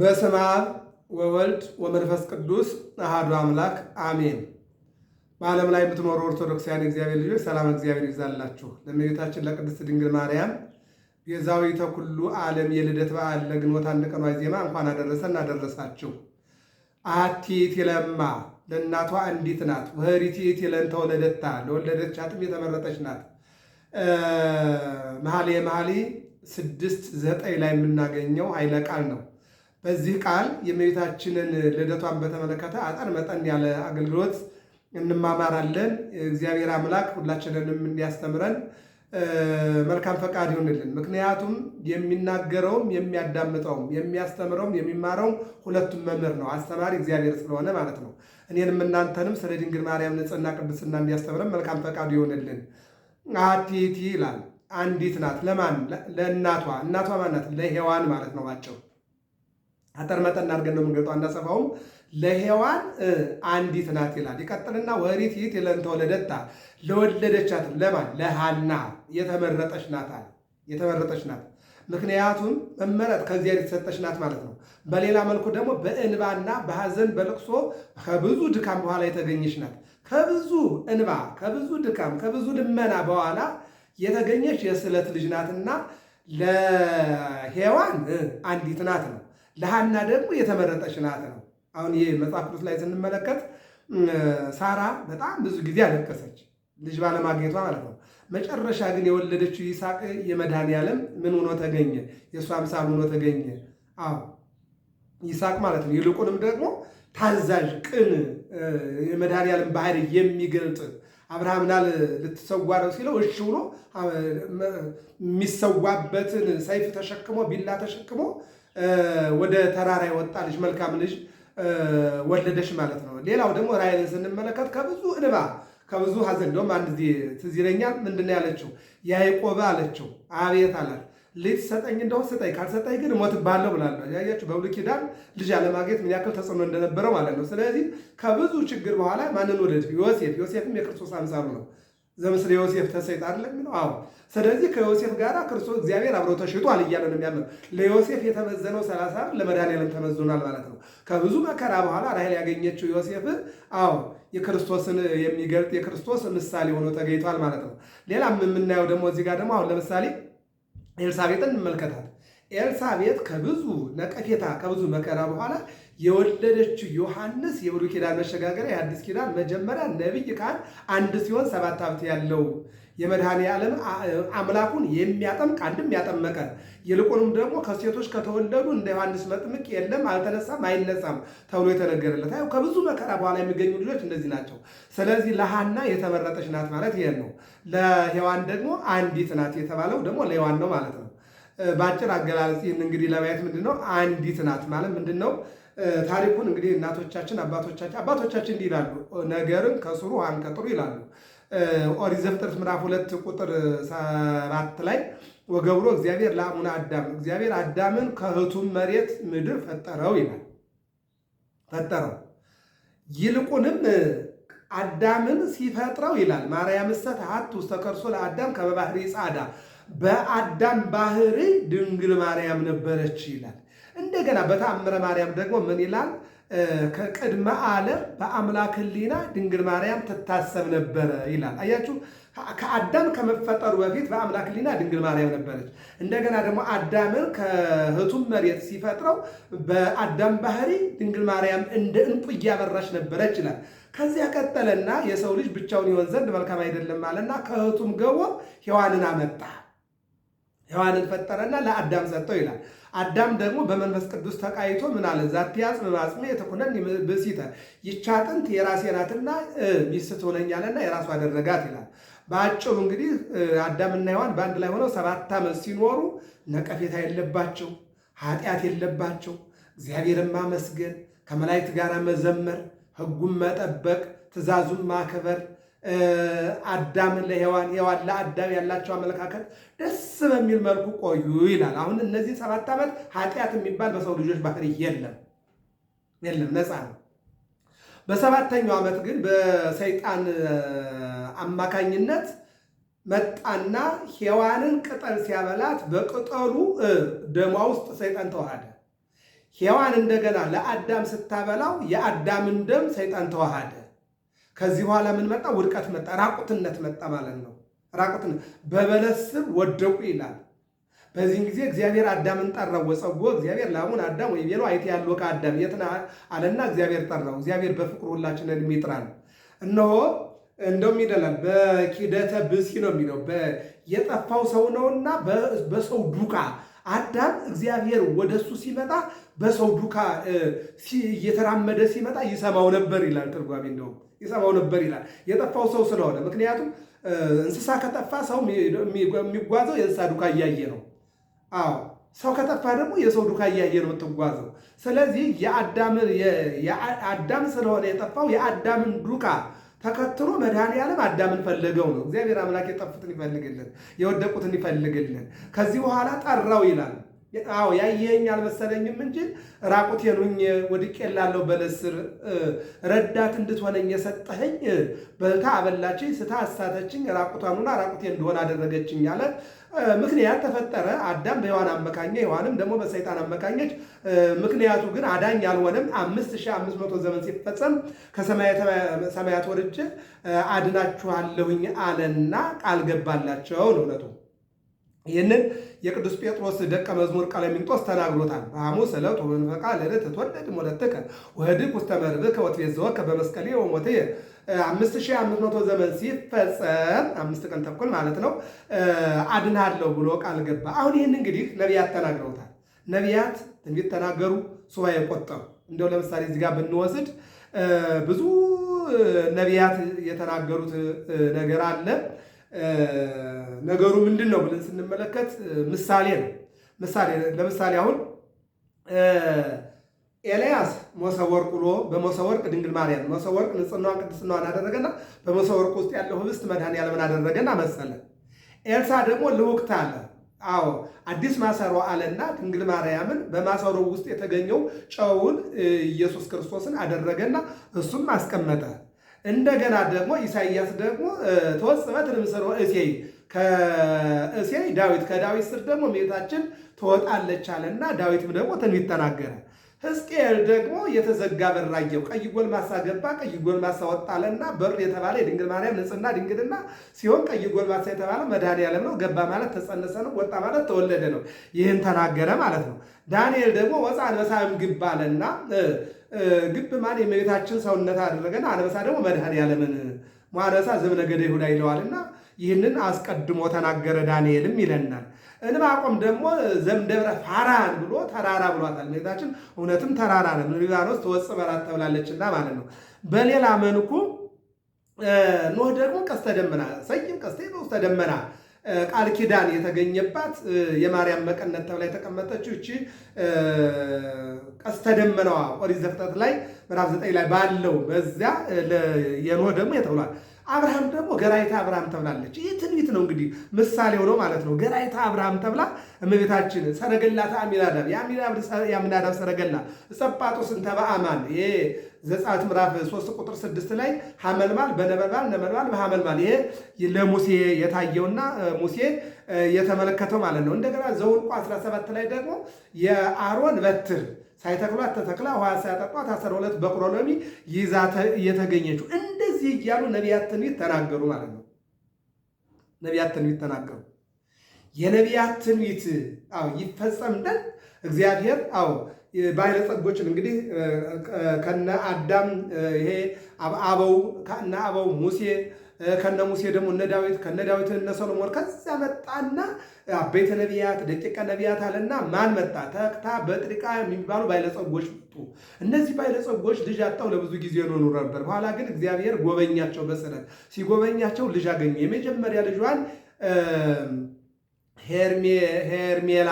በስመ አብ ወወልድ ወመንፈስ ቅዱስ አሐዱ አምላክ አሜን። በዓለም ላይ የምትኖሩ ኦርቶዶክሳውያን እግዚአብሔር ልጆች ሰላም እግዚአብሔር ይብዛላችሁ። ለእመቤታችን ለቅድስት ድንግል ማርያም ቤዛዊተ ኩሉ ዓለም የልደት በዓል ለግንቦት አንድ ቀን ዜማ እንኳን አደረሰን አደረሳችሁ። አቲት ለማ ለእናቷ አንዲት ናት። ወኅሪት ይለን ተወለደታ ለወለደች አጥም የተመረጠች ናት። መኃልየ መኃልይ ስድስት ዘጠኝ ላይ የምናገኘው ኃይለ ቃል ነው። በዚህ ቃል የእመቤታችንን ልደቷን በተመለከተ አጠር መጠን ያለ አገልግሎት እንማማራለን። እግዚአብሔር አምላክ ሁላችንንም እንዲያስተምረን መልካም ፈቃድ ይሆንልን። ምክንያቱም የሚናገረውም የሚያዳምጠውም የሚያስተምረውም የሚማረውም ሁለቱም መምህር ነው፣ አስተማሪ እግዚአብሔር ስለሆነ ማለት ነው። እኔንም እናንተንም ስለ ድንግል ማርያም ንጽሕና፣ ቅድስና እንዲያስተምረን መልካም ፈቃድ ይሆንልን። አቲቲ ይላል አንዲት ናት። ለማን? ለእናቷ። እናቷ ማናት? ለሔዋን ማለት ነው ባቸው አጠር መጠን አድርገን ነው የምንገልጠው። አናጸፋውም ለሔዋን አንዲት ናት ይላል። ይቀጥልና ወሪት ይት ለእንተ ወለደታ ለወለደቻትም ለማን ለሃና የተመረጠች ናት አለ። የተመረጠች ናት ምክንያቱም መመረጥ ከዚያ የተሰጠች ናት ማለት ነው። በሌላ መልኩ ደግሞ በእንባና በሐዘን በልቅሶ ከብዙ ድካም በኋላ የተገኘች ናት። ከብዙ እንባ፣ ከብዙ ድካም፣ ከብዙ ልመና በኋላ የተገኘች የስዕለት ልጅ ናትና ለሔዋን አንዲት ናት ነው ለሃና ደግሞ የተመረጠች ናት ነው። አሁን ይህ መጽሐፍ ቅዱስ ላይ ስንመለከት ሳራ በጣም ብዙ ጊዜ አለቀሰች፣ ልጅ ባለማግኘቷ ማለት ነው። መጨረሻ ግን የወለደችው ይስሐቅ የመድኃኔ ዓለም ምን ሆኖ ተገኘ? የእሱ አምሳል ሆኖ ተገኘ። አዎ ይስሐቅ ማለት ነው። ይልቁንም ደግሞ ታዛዥ፣ ቅን፣ የመድኃኔ ዓለም ባህሪ የሚገልጥ አብርሃምና ልትሰዋ ነው ሲለው እሺ ብሎ የሚሰዋበትን ሰይፍ ተሸክሞ ቢላ ተሸክሞ ወደ ተራራ የወጣ ልጅ መልካም ልጅ ወለደች ማለት ነው። ሌላው ደግሞ ራሔልን ስንመለከት ከብዙ እንባ ከብዙ ሐዘን እንደውም አንድ ጊዜ ትዝ ይለኛል። ምንድን ነው ያለችው? ያዕቆብ አለችው። አቤት አላት። ልጅ ሰጠኝ እንደሆን ስጠኝ፣ ካልሰጠኝ ግን ሞት እሞትብሃለሁ ብላለች። ያያችሁ በብሉይ ኪዳን ልጅ አለማግኘት ምን ያክል ተጽዕኖ እንደነበረ ማለት ነው። ስለዚህ ከብዙ ችግር በኋላ ማንን ወለድ? ዮሴፍ። ዮሴፍም የክርስቶስ አምሳሉ ነው። ዘምስለ ዮሴፍ ተሰይጣ አይደለም? አሁን ስለዚህ ከዮሴፍ ጋር ክርስቶስ እግዚአብሔር አብሮ ተሽጧል እያለ ነው የሚያምር። ለዮሴፍ የተመዘነው ሰላሳ ለመድኃኒዓለም ተመዝኗል ማለት ነው። ከብዙ መከራ በኋላ ራሔል ያገኘችው ዮሴፍ አዎ የክርስቶስን የሚገልጥ የክርስቶስ ምሳሌ ሆኖ ተገኝቷል ማለት ነው። ሌላም የምናየው ደግሞ እዚህ ጋር ደግሞ አሁን ለምሳሌ ኤልሳቤጥን እንመልከታት። ኤልሳቤጥ ከብዙ ነቀፌታ ከብዙ መከራ በኋላ የወለደችው ዮሐንስ የብሉይ ኪዳን መሸጋገሪያ የአዲስ ኪዳን መጀመሪያ ነቢይ ካህን አንድ ሲሆን ሰባት ሀብት ያለው የመድኃኔ ዓለም አምላኩን የሚያጠምቅ አንድም ያጠመቀ ይልቁንም ደግሞ ከሴቶች ከተወለዱ እንደ ዮሐንስ መጥምቅ የለም አልተነሳም አይነሳም ተብሎ የተነገረለት ያው ከብዙ መከራ በኋላ የሚገኙ ልጆች እንደዚህ ናቸው። ስለዚህ ለሐና የተመረጠች ናት ማለት ይሄን ነው። ለሔዋን ደግሞ አንዲት ናት የተባለው ደግሞ ለሔዋን ነው ማለት ነው። በአጭር አገላለጽ ይህን እንግዲህ ለማየት ምንድን ነው አንዲት ናት ማለት ምንድን ነው? ታሪኩን እንግዲህ እናቶቻችን አባቶቻችን አባቶቻችን እንዲህ ይላሉ፣ ነገርን ከስሩ ውኃን ከጥሩ ይላሉ። ኦሪት ዘፍጥረት ምዕራፍ ሁለት ቁጥር ሰባት ላይ ወገብሮ እግዚአብሔር ለአሙነ አዳም እግዚአብሔር አዳምን ከሕቱም መሬት ምድር ፈጠረው ይላል። ፈጠረው ይልቁንም አዳምን ሲፈጥረው ይላል ማርያም ሰት ሀት ውስጥ ተቀርሶ ለአዳም ከበባህሪ ጻዳ በአዳም ባህሪ ድንግል ማርያም ነበረች ይላል። እንደገና በተአምረ ማርያም ደግሞ ምን ይላል? ከቅድመ ዓለም በአምላክ ሕሊና ድንግል ማርያም ትታሰብ ነበረ ይላል። አያችሁ፣ ከአዳም ከመፈጠሩ በፊት በአምላክ ሕሊና ድንግል ማርያም ነበረች። እንደገና ደግሞ አዳምን ከሕቱም መሬት ሲፈጥረው በአዳም ባህሪ ድንግል ማርያም እንደ እንቁ እያበራች ነበረች ይላል። ከዚያ ቀጠለና የሰው ልጅ ብቻውን ይሆን ዘንድ መልካም አይደለም አለና ከሕቱም ገቦ ሔዋንን አመጣ። ሔዋንን ፈጠረና ለአዳም ሰጠው ይላል። አዳም ደግሞ በመንፈስ ቅዱስ ተቃይቶ ምን አለ ዛትያጽም ማጽሜ የተኮነን ብእሲተ ይህች አጥንት የራሴ ናትና ሚስት ሆነኛልና የራሱ አደረጋት ይላል። በአጭሩ እንግዲህ አዳምና ሔዋን በአንድ ላይ ሆነው ሰባት ዓመት ሲኖሩ ነቀፌታ የለባቸው፣ ኃጢአት የለባቸው፣ እግዚአብሔርን ማመስገን፣ ከመላእክት ጋር መዘመር፣ ህጉን መጠበቅ፣ ትእዛዙን ማክበር አዳም ለሔዋን ሔዋን ለአዳም ያላቸው አመለካከት ደስ በሚል መልኩ ቆዩ ይላል። አሁን እነዚህ ሰባት ዓመት ኃጢአት የሚባል በሰው ልጆች ባህሪ የለም የለም፣ ነፃ ነው። በሰባተኛው ዓመት ግን በሰይጣን አማካኝነት መጣና ሔዋንን ቅጠል ሲያበላት በቅጠሉ ደሟ ውስጥ ሰይጣን ተዋሃደ። ሔዋን እንደገና ለአዳም ስታበላው የአዳምን ደም ሰይጣን ተዋሃደ። ከዚህ በኋላ ምን መጣ? ውድቀት መጣ፣ ራቁትነት መጣ ማለት ነው። ራቁትነት በበለስ ስር ወደቁ ይላል። በዚህም ጊዜ እግዚአብሔር አዳምን ጠራው። ወጸውዖ እግዚአብሔር ላሙን አዳም ወይ ወይቤሎ አይቴ ያለው ከአዳም የትና አለና እግዚአብሔር ጠራው። እግዚአብሔር በፍቅሩ ሁላችንን የሚጥራል። እነሆ እንደውም ይደላል በኪደተ ብሲ ነው የሚለው የጠፋው ሰው ነውና በሰው ዱካ አዳም እግዚአብሔር ወደ እሱ ሲመጣ በሰው ዱካ እየተራመደ ሲመጣ ይሰማው ነበር ይላል ትርጓሜ እንደውም ይሰማው ነበር ይላል። የጠፋው ሰው ስለሆነ ምክንያቱም እንስሳ ከጠፋ ሰው የሚጓዘው የእንስሳ ዱካ እያየ ነው። አዎ ሰው ከጠፋ ደግሞ የሰው ዱካ እያየ ነው የምትጓዘው። ስለዚህ አዳም ስለሆነ የጠፋው የአዳምን ዱካ ተከትሎ መድኃኒዓለም አዳምን ፈለገው ነው። እግዚአብሔር አምላክ የጠፉትን ይፈልግልን፣ የወደቁትን ይፈልግልን። ከዚህ በኋላ ጠራው ይላል አዎ ያየኸኝ አልመሰለኝም እንጂ ራቁቴ ሆኜ ወድቄ በለስ በለስር ረዳት እንድትሆነኝ የሰጠኸኝ በልታ አበላችኝ፣ ስታ አሳተችኝ፣ ራቁቷን ሆና ራቁቴን እንደሆነ አደረገችኝ አለ። ምክንያት ተፈጠረ። አዳም በሔዋን አመካኘ፣ ሔዋንም ደግሞ በሰይጣን አመካኘች። ምክንያቱ ግን አዳኝ አልሆነም። አምስት ሺህ አምስት መቶ ዘመን ሲፈጸም ከሰማያት ወርጄ አድናችኋለሁኝ አለና ቃል ገባላቸው ነው እውነቱ ይህንን የቅዱስ ጴጥሮስ ደቀ መዝሙር ቀለሚንጦስ ተናግሮታል። በሐሙስ ዕለት ወመንፈቃ ለዕለት ተወለድ ሞለትከ ወህድግ ውስተ መርብከ ወትቤዘወከ በመስቀሌ ወሞትየ አምስት ዘመን ሲፈጸም አምስት ቀን ተኩል ማለት ነው አድናለሁ ብሎ ቃል ገባ። አሁን ይህን እንግዲህ ነቢያት ተናግረውታል። ነቢያት ትንቢት ተናገሩ፣ ሱባ የቆጠሩ እንደው ለምሳሌ እዚህ ጋር ብንወስድ ብዙ ነቢያት የተናገሩት ነገር አለ። ነገሩ ምንድን ነው ብለን ስንመለከት ምሳሌ ነው። ምሳሌ ለምሳሌ አሁን ኤልያስ መሶበ ወርቅ ውሎ በመሶበ ወርቅ ድንግል ማርያም መሶበ ወርቅ ንጽሕናዋን ቅድስናዋን አደረገና በመሶበ ወርቅ ውስጥ ያለው ህብስት መድኃኔዓለምን አደረገና መሰለ። ኤልሳ ደግሞ ልውቅት አለ። አዎ አዲስ ማሰሮ አለና ድንግል ማርያምን በማሰሮ ውስጥ የተገኘው ጨውን ኢየሱስ ክርስቶስን አደረገና እሱም አስቀመጠ። እንደገና ደግሞ ኢሳይያስ ደግሞ ተወጽበ ትንምሰሮ እሴይ ከእሴይ ዳዊት ከዳዊት ስር ደግሞ ሜታችን ትወጣለች አለና ዳዊትም ደግሞ ትንቢት ተናገረ። ሕዝቅኤል ደግሞ የተዘጋ በር አየሁ፣ ቀይ ጎልማሳ ገባ፣ ቀይ ጎልማሳ ወጣለና በር የተባለ የድንግል ማርያም ንጽሕና ድንግልና ሲሆን ቀይ ጎልማሳ የተባለ መድኃኒዓለም ነው። ገባ ማለት ተጸነሰ ነው፣ ወጣ ማለት ተወለደ ነው። ይህን ተናገረ ማለት ነው። ዳንኤል ደግሞ ወፃ አንበሳም ግባ አለና ግብ ማን የእመቤታችን ሰውነት አደረገና አንበሳ ደግሞ መድኃኔዓለምን አንበሳ ዘእምነገደ ይሁዳ ይለዋልና ይህንን አስቀድሞ ተናገረ ዳንኤልም ይለናል። ዕንባቆም ደግሞ ዘምደብረ ፋራን ብሎ ተራራ ብሏታል። እመቤታችን እውነትም ተራራ ነው፣ ሊባኖስ ትወጽእ በራት ተብላለችና ማለት ነው። በሌላ መልኩ ኖህ ደግሞ ቀስተ ደመና ሰይም ቀስተ ውስተ ደመና ቃል ኪዳን የተገኘባት የማርያም መቀነት ተብላ የተቀመጠችው እቺ ቀስተ ደመናዋ ኦሪት ዘፍጥረት ላይ ምዕራፍ ዘጠኝ ላይ ባለው በዚያ የኖህ ደግሞ የተብሏል። አብርሃም ደግሞ ገራይታ አብርሃም ተብላለች። ይህ ትንቢት ነው እንግዲህ ምሳሌ ሆኖ ማለት ነው። ገራይታ አብርሃም ተብላ እመቤታችን ሰረገላታ አሚናዳብ የአሚናዳብ ሰረገላ ጸጳጦስን ተበአማን ዘጸአት ምዕራፍ 3 ቁጥር 6 ላይ ሐመልማል በነበልባል ነበልባል በሐመልማል ይሄ ለሙሴ የታየውና ሙሴ የተመለከተው ማለት ነው። እንደገና ዘኍልቍ 17 ላይ ደግሞ የአሮን በትር ሳይተክሏት ተተክላ ውሃ ሳያጠጧት 12 በቅሎ ሎሚ ይዛ የተገኘችው እንደዚህ እያሉ ነቢያት ትንቢት ተናገሩ ማለት ነው። ነቢያት ትንቢት ተናገሩ። የነቢያት ትንቢት ይፈጸም እንደ እግዚአብሔር አዎ ጸጎችን እንግዲህ ከነ አዳም ይሄ አበው ከነ አበው ሙሴ ከነ ሙሴ ደግሞ እነ ዳዊት ከነ ዳዊት እነ ሰሎሞን ከዛ መጣና አበይተ ነቢያት ደቂቀ ነቢያት አለና ማን መጣ? ተክታ በጥሪቃ የሚባሉ ባለጸጎች መጡ። እነዚህ ባለጸጎች ልጅ አጣው ለብዙ ጊዜ ኖሩ ነበር። በኋላ ግን እግዚአብሔር ጎበኛቸው። በስለት ሲጎበኛቸው ልጅ አገኙ። የመጀመሪያ ልጇን ሄርሜላ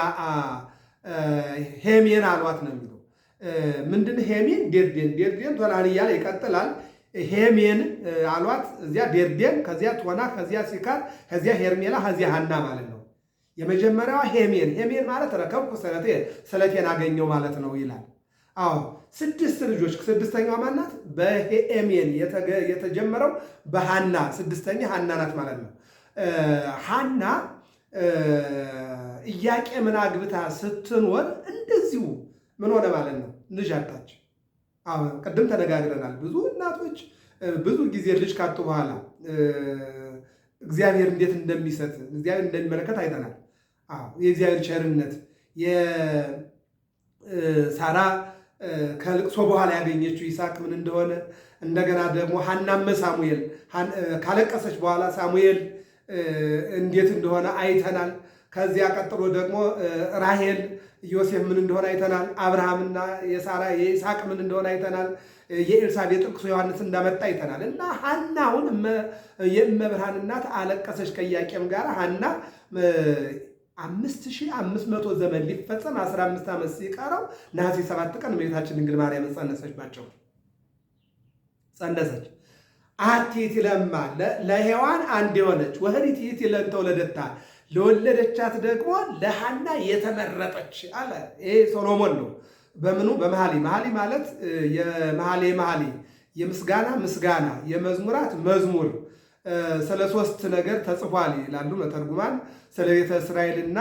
ሄሜን አሏት ነው የሚለው። ምንድን ሄሜን ዴርዴን ዴርዴን ቶናን እያለ ይቀጥላል። ሄሜን አሏት እዚያ ዴርዴን፣ ከዚያ ቶና፣ ከዚያ ሲካር፣ ከዚያ ሄርሜላ፣ ከዚያ ሀና ማለት ነው። የመጀመሪያዋ ሄሜን ሄሜን ማለት ረከብኩ ስለቴ ስለቴን አገኘው ማለት ነው ይላል። አዎ ስድስት ልጆች ስድስተኛው ማናት? በሄሜን የተጀመረው በሀና ስድስተኛ ሃና ናት ማለት ነው። ሀና እያቄ ምን አግብታ ስትኖር እንደዚሁ ምን ሆነ ማለት ነው፣ ልጅ አጣች። ቅድም ተነጋግረናል። ብዙ እናቶች ብዙ ጊዜ ልጅ ካጡ በኋላ እግዚአብሔር እንዴት እንደሚሰጥ እግዚአብሔር እንደሚመለከት አይተናል። የእግዚአብሔር ቸርነት የሳራ ከልቅሶ በኋላ ያገኘችው ይስሐቅ ምን እንደሆነ እንደገና ደግሞ ሀናመ ሳሙኤል ካለቀሰች በኋላ ሳሙኤል እንዴት እንደሆነ አይተናል። ከዚያ ቀጥሎ ደግሞ ራሄል ዮሴፍ ምን እንደሆነ አይተናል። አብርሃምና የሳራ የኢስቅ ምን እንደሆነ አይተናል። የኤልሳቤጥ ጥቅሱ ዮሐንስ እንዳመጣ አይተናል። እና ሀና አሁን የእመብርሃን እናት አለቀሰች ከኢያቄም ጋር ሀና አምስት ሺህ አምስት መቶ ዘመን ሊፈጸም አስራ አምስት ዓመት ሲቀረው ነሐሴ ሰባት ቀን እመቤታችን ድንግል ማርያም ጸነሰች ናቸው ጸነሰች አቲት ይእቲ ለሔዋን አንድ የሆነች ወህሪት ይት ለእንተወለደታ ለወለደቻት ደግሞ ለሃና የተመረጠች አለ። ይሄ ሶሎሞን ነው። በምኑ በመሐሊ መሐሊ ማለት የመሐሌ መሐሊ የምስጋና ምስጋና የመዝሙራት መዝሙር ስለ ሶስት ነገር ተጽፏል ይላሉ መተርጉማን። ስለ ቤተ እስራኤልና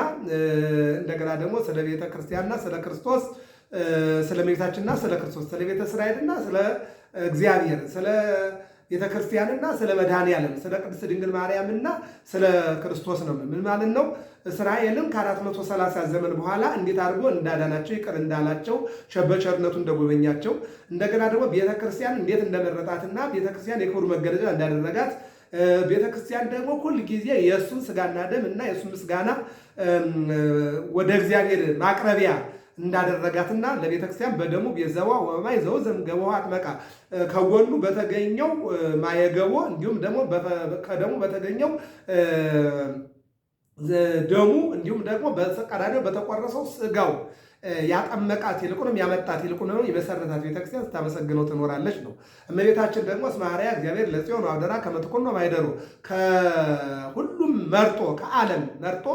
እንደገና ደግሞ ስለ ቤተ ክርስቲያንና ስለ ክርስቶስ ስለ እመቤታችንና ስለ ክርስቶስ ስለ ቤተ እስራኤልና ስለ እግዚአብሔር ስለ ቤተ ክርስቲያንና ስለ መድኃኔ ያለ ስለ ቅድስት ድንግል ማርያምና ስለ ክርስቶስ ነው። ምን ማለት ነው? እስራኤልም ከ430 ዘመን በኋላ እንዴት አድርጎ እንዳዳናቸው ይቅር እንዳላቸው በቸርነቱ እንደጎበኛቸው እንደገና ደግሞ ቤተ ክርስቲያን እንዴት እንደመረጣትና ቤተ ክርስቲያን የክብሩ መገለጫ እንዳደረጋት ቤተ ክርስቲያን ደግሞ ሁል ጊዜ የእሱን ስጋና ደም እና የእሱን ምስጋና ወደ እግዚአብሔር ማቅረቢያ እንዳደረጋትና ለቤተ ክርስቲያን በደሙ ቤዘቧ ወበማይ ዘውዘም ገቦሃ አጥመቃ ከጎኑ በተገኘው ማየገቦ እንዲሁም ደግሞ ከደሙ በተገኘው ደሙ እንዲሁም ደግሞ በቀራንዮ በተቆረሰው ስጋው ያጠመቃት ይልቁንም ያመጣት ይልቁንም የመሰረታት ቤተክርስቲያን ስታመሰግነው ትኖራለች ነው። እመቤታችን ደግሞ ስማርያ እግዚአብሔር ለጽዮን አውደራ ከመትኮኖ ማይደሩ ከሁሉም መርጦ ከዓለም መርጦ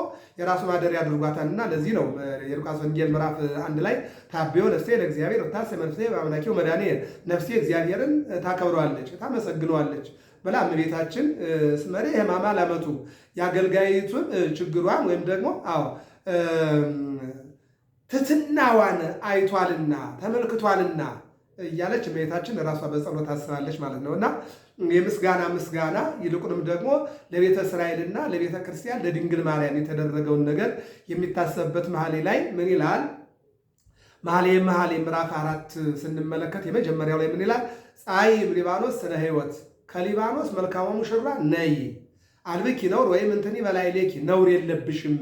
የራሱ ማደሪያ አድርጓታል እና ለዚህ ነው የሉቃስ ወንጌል ምዕራፍ አንድ ላይ ታብዮ ነፍሴ ለእግዚአብሔር እታሴ መንፍሴ በአምላኪው መድኃኔ ነፍሴ እግዚአብሔርን ታከብረዋለች፣ ታመሰግነዋለች ብላ እመቤታችን ስመሬ ህማማ ላመቱ የአገልጋይቱን ችግሯን ወይም ደግሞ አዎ ትትናዋን አይቷልና ተመልክቷልና እያለች እመቤታችን ራሷ በጸሎት ታስባለች ማለት ነው እና የምስጋና ምስጋና ይልቁንም ደግሞ ለቤተ እስራኤልና ለቤተ ክርስቲያን ለድንግል ማርያም የተደረገውን ነገር የሚታሰብበት መኃልየ ላይ ምን ይላል? መኃልየ መኃልይ ምዕራፍ አራት ስንመለከት የመጀመሪያው ላይ ምን ይላል? ፀሐይ ሊባኖስ ስነ ህይወት ከሊባኖስ መልካሙ ሙሽራ ነይ አልብኪ ነውር ወይም እንትኒ በላይ ሌኪ ነውር የለብሽም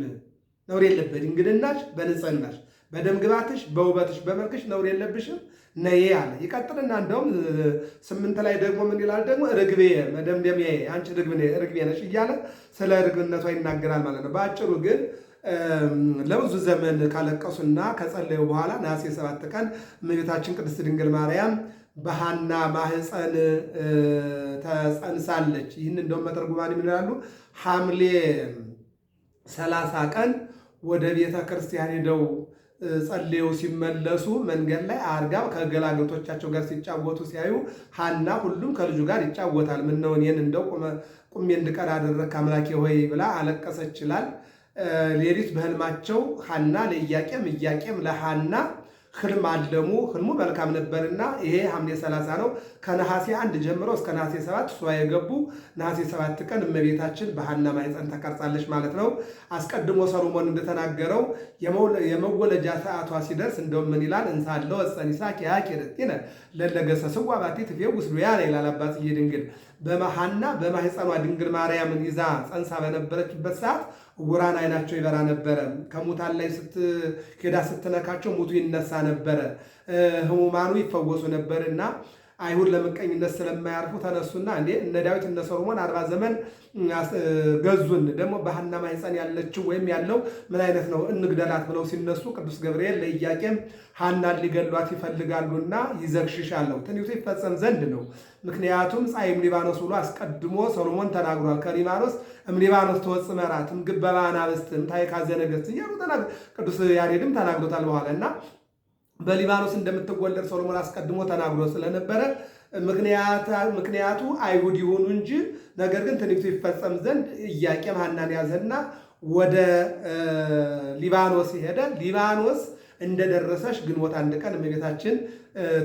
ነውር የለበት እንግድናሽ በንጽህናሽ በደም ግባትሽ በውበትሽ በመልክሽ ነውር የለብሽም ነይ አለ። ይቀጥልና እንደውም ስምንት ላይ ደግሞ ምን ይላል ደግሞ ርግቤ መደምደም አንቺ ርግቤ ነሽ እያለ ስለ ርግብነቷ ይናገራል ማለት ነው። በአጭሩ ግን ለብዙ ዘመን ካለቀሱና ከጸለዩ በኋላ ነሐሴ ሰባት ቀን እመቤታችን ቅድስት ድንግል ማርያም በሐና ማህፀን ተጸንሳለች። ይህን እንደውም መተርጉማን ምን ይላሉ? ሐምሌ ሰላሳ ቀን ወደ ቤተ ክርስቲያን ሄደው ጸልየው ሲመለሱ መንገድ ላይ አርጋም ከገላገቶቻቸው ጋር ሲጫወቱ ሲያዩ ሀና ሁሉም ከልጁ ጋር ይጫወታል። ምነው እኔን እንደው ቁሜ እንድቀር አደረግክ አምላኬ ሆይ ብላ አለቀሰች ይላል። ሌሊት በህልማቸው ሀና ለኢያቄም፣ ኢያቄም ለሀና ህልም አለሙ። ህልሙ መልካም ነበርና ይሄ ሐምሌ 30 ነው። ከነሐሴ አንድ ጀምሮ እስከ ነሐሴ 7 ሷ የገቡ ነሐሴ 7 ቀን እመቤታችን በሐና ማኅፀን ተቀርጻለች ማለት ነው። አስቀድሞ ሰሎሞን እንደተናገረው የመወለጃ ሰዓቷ ሲደርስ እንደውም ምን ይላል? እንሳለ ወፀኒሳ ኪያኪርነ ለለገሰ ስዋባቲ ትፌውስ ሉያነ ይላል አባጽዬ ድንግል በመሐና በማኅፀኗ ድንግል ማርያምን ይዛ ፀንሳ በነበረችበት ሰዓት ዕውራን አይናቸው ይበራ ነበረ። ከሙታን ላይ ስትኬዳ ስትነካቸው ሙቱ ይነሳ ነበረ። ህሙማኑ ይፈወሱ ነበር እና አይሁድ ለምቀኝነት ስለማያርፉ ተነሱና እንዴ እነ ዳዊት እነ ሰሎሞን አርባ ዘመን ገዙን፣ ደግሞ በሐና ማኅፀን ያለችው ወይም ያለው ምን አይነት ነው እንግደላት ብለው ሲነሱ ቅዱስ ገብርኤል ለኢያቄም ሐናን ሊገሏት ይፈልጋሉና ይዘግሽሻለሁ ትንቢቱ ይፈጸም ዘንድ ነው። ምክንያቱም ፀይም ሊባኖስ ብሎ አስቀድሞ ሶሎሞን ተናግሯል። ከሊባኖስ እም ሊባኖስ ተወጽእ መራትም ግበባ አናብስትም ካዘ ነገስት እያሉ ቅዱስ ያሬድም ተናግሮታል። በኋላ እና በሊባኖስ እንደምትወለድ ሶሎሞን አስቀድሞ ተናግሮ ስለነበረ ምክንያቱ አይሁድ ይሆኑ እንጂ ነገር ግን ትንቢቱ ይፈጸም ዘንድ ኢያቄም ሐናን ያዘና ወደ ሊባኖስ ይሄዳል። ሊባኖስ እንደደረሰች ግንቦት አንድ ቀን እመቤታችን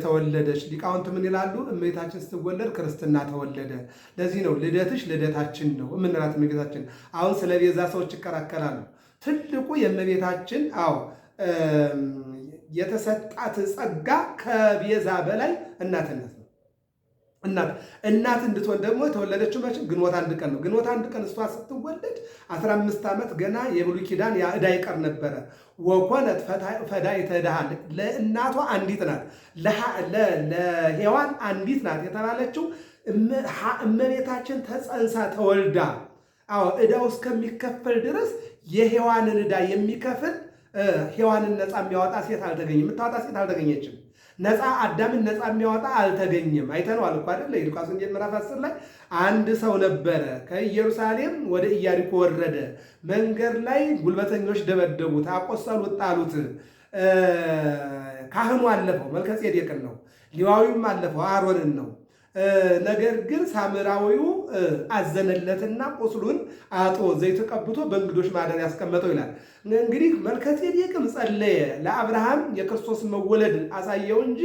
ተወለደች። ሊቃውንት ምን ይላሉ? እመቤታችን ስትወለድ ክርስትና ተወለደ። ለዚህ ነው ልደትሽ ልደታችን ነው የምንላት እመቤታችን። አሁን ስለ ቤዛ ሰዎች ይከራከራሉ። ትልቁ የእመቤታችን አዎ የተሰጣት ጸጋ ከቤዛ በላይ እናትነት እናት እናት እንድትሆን ደግሞ የተወለደችው መቼ ግንቦት አንድ ቀን ነው። ግንቦት አንድ ቀን እሷ ስትወለድ 15 ዓመት ገና የብሉይ ኪዳን ዕዳ ይቀር ነበረ። ወኮነት ፈዳ ድሃ ለእናቷ አንዲት ናት፣ ለሔዋን አንዲት ናት የተባለችው እመቤታችን ተጸንሳ ተወልዳ። አዎ ዕዳው እስከሚከፈል ድረስ የሔዋንን ዕዳ የሚከፍል ሔዋንን ነፃ የሚያወጣ ሴት አልተገኘ የምታወጣ ሴት አልተገኘችም። ነፃ አዳምን ነፃ የሚያወጣ አልተገኘም። አይተነዋል እኮ አይደል? የሉቃስ ወንጌል ምዕራፍ 10 ላይ አንድ ሰው ነበረ፣ ከኢየሩሳሌም ወደ ኢያሪኮ ወረደ። መንገድ ላይ ጉልበተኞች ደበደቡት፣ አቆሰሉት፣ ጣሉት። ካህኑ አለፈው፣ መልከ ጼዴቅን ነው። ሊዋዊም አለፈው፣ አሮንን ነው። ነገር ግን ሳምራዊው አዘነለትና ቁስሉን አጦ ዘይት ቀብቶ በእንግዶች ማደር ያስቀመጠው ይላል። እንግዲህ መልከጼዴቅም ጸለየ፣ ለአብርሃም የክርስቶስን መወለድ አሳየው እንጂ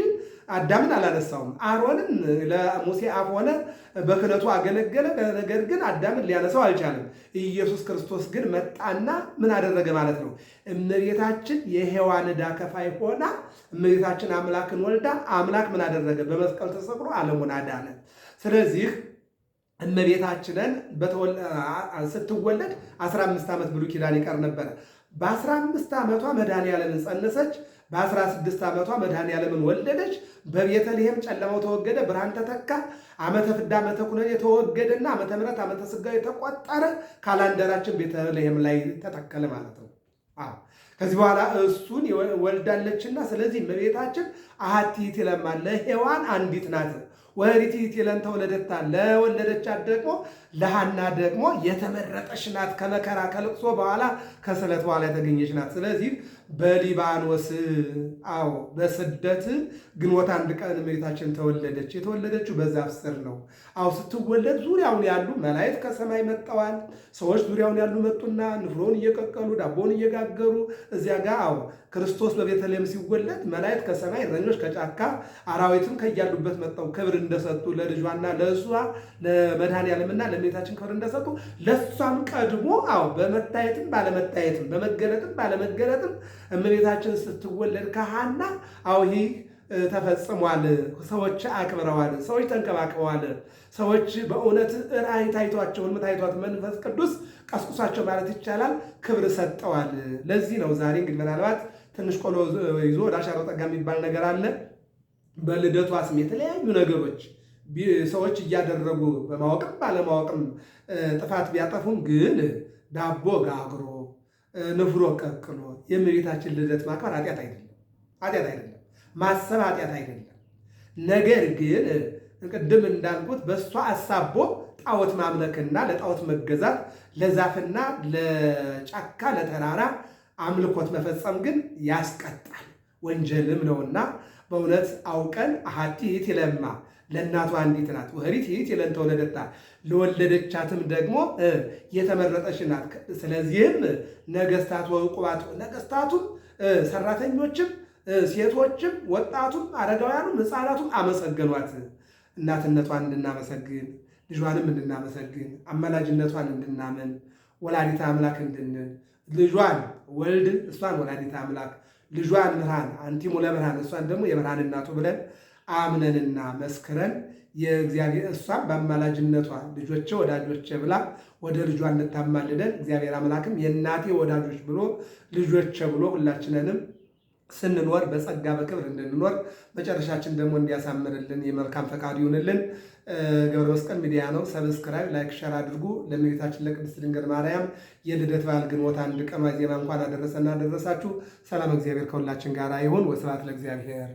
አዳምን አላነሳውም። አሮንም ለሙሴ አፍ ሆነ፣ በክህነቱ አገለገለ። ነገር ግን አዳምን ሊያነሳው አልቻለም። ኢየሱስ ክርስቶስ ግን መጣና ምን አደረገ ማለት ነው? እመቤታችን የሔዋን ዕዳ ከፋይ ሆና እመቤታችን አምላክን ወልዳ አምላክ ምን አደረገ? በመስቀል ተሰቅሎ ዓለሙን አዳነ። ስለዚህ እመቤታችንን ስትወለድ 15 ዓመት ብሉይ ኪዳን ይቀር ነበረ። በአስራ አምስት ዓመቷ መድኃኔዓለምን ጸነሰች። በአስራ ስድስት ዓመቷ መድኃኔዓለምን ወለደች። በቤተልሔም ጨለማው ተወገደ፣ ብርሃን ተተካ። ዓመተ ፍዳ ዓመተ ኩነኔ የተወገደና ዓመተ ምሕረት ዓመተ ሥጋ የተቆጠረ ካላንደራችን ቤተልሔም ላይ ተተከለ ማለት ነው። ከዚህ በኋላ እሱን ወልዳለችና፣ ስለዚህ እመቤታችን አሐቲ ትለማለ ሔዋን አንዲት ናት። ወሪቲት ለእንተ ወለደታ ለወለደቻት ደግሞ ለሃና ደግሞ የተመረጠች ናት። ከመከራ ከልቅሶ በኋላ ከስለት በኋላ የተገኘች ናት። ስለዚህ በሊባኖስ አዎ፣ በስደት ግንቦት አንድ ቀን እመቤታችን ተወለደች። የተወለደችው በዛፍ ስር ነው። አዎ ስትወለድ ዙሪያውን ያሉ መላእክት ከሰማይ መጥተዋል። ሰዎች ዙሪያውን ያሉ መጡና ንፍሮን እየቀቀሉ ዳቦን እየጋገሩ እዚያ ጋር አዎ ክርስቶስ በቤተልሔም ሲወለድ መላእክት ከሰማይ እረኞች ከጫካ አራዊትም ከያሉበት መጣው ክብር እንደሰጡ ለልጇና ለእሷ ለመድኃኔዓለምና ለእመቤታችን ክብር እንደሰጡ ለእሷም ቀድሞ አዎ በመታየትም ባለመታየትም በመገለጥም ባለመገለጥም እመቤታችን ስትወለድ ከሐና አዎ ይህ ተፈጽሟል። ሰዎች አክብረዋል። ሰዎች ተንከባክበዋል። ሰዎች በእውነት ራእይ ታይቷቸው ህልም ታይቷት መንፈስ ቅዱስ ቀስቁሳቸው ማለት ይቻላል ክብር ሰጠዋል። ለዚህ ነው ዛሬ እንግዲህ ምናልባት ትንሽ ቆሎ ይዞ ወደ ጠጋ የሚባል ነገር አለ። በልደቷ ስም የተለያዩ ነገሮች ሰዎች እያደረጉ በማወቅም ባለማወቅም ጥፋት ቢያጠፉም ግን ዳቦ ጋግሮ ንፍሮ ቀቅሎ የእመቤታችን ልደት ማክበር ኃጢአት አይደለም፣ ኃጢአት አይደለም፣ ማሰብ ኃጢአት አይደለም። ነገር ግን ቅድም እንዳልኩት በእሷ አሳቦ ጣዖት ማምለክና ለጣዖት መገዛት ለዛፍና ለጫካ ለተራራ አምልኮት መፈጸም ግን ያስቀጣል ወንጀልም ነውና በእውነት አውቀን አሐቲ ይእቲ ለእማ ለእናቷ አንዲት ናት። ወኅሪት ይእቲ ለእንተ ወለደታ ለወለደቻትም ደግሞ የተመረጠች ናት። ስለዚህም ነገስታት ወዕቁባት ነገስታቱም፣ ሰራተኞችም ሴቶችም ወጣቱም አረጋውያኑም ህፃናቱም አመሰገኗት። እናትነቷን እንድናመሰግን ልጇንም እንድናመሰግን አማላጅነቷን እንድናምን ወላዲተ አምላክ እንድንል ልጇን ወልድ እሷን ወላዲት አምላክ ልጇን ብርሃን አንቲ ለብርሃን እሷን ደግሞ የብርሃን እናቱ ብለን አምነንና መስክረን የእግዚአብሔር እሷን በአማላጅነቷ ልጆቼ ወዳጆቼ ብላ ወደ ልጇ እንድታማልደን እግዚአብሔር አምላክም የእናቴ ወዳጆች ብሎ ልጆቼ ብሎ ሁላችንንም ስንኖር በጸጋ በክብር እንድንኖር መጨረሻችን ደግሞ እንዲያሳምርልን የመልካም ፈቃድ ይሁንልን። ገብረ መስቀል ሚዲያ ነው። ሰብስክራይብ፣ ላይክ፣ ሸር አድርጉ። ለእመቤታችን ለቅድስት ድንግል ማርያም የልደት በዓል ግንቦት አንድ ቀን ዜማ እንኳን አደረሰና አደረሳችሁ። ሰላም እግዚአብሔር ከሁላችን ጋር ይሁን። ወስብሐት ለእግዚአብሔር።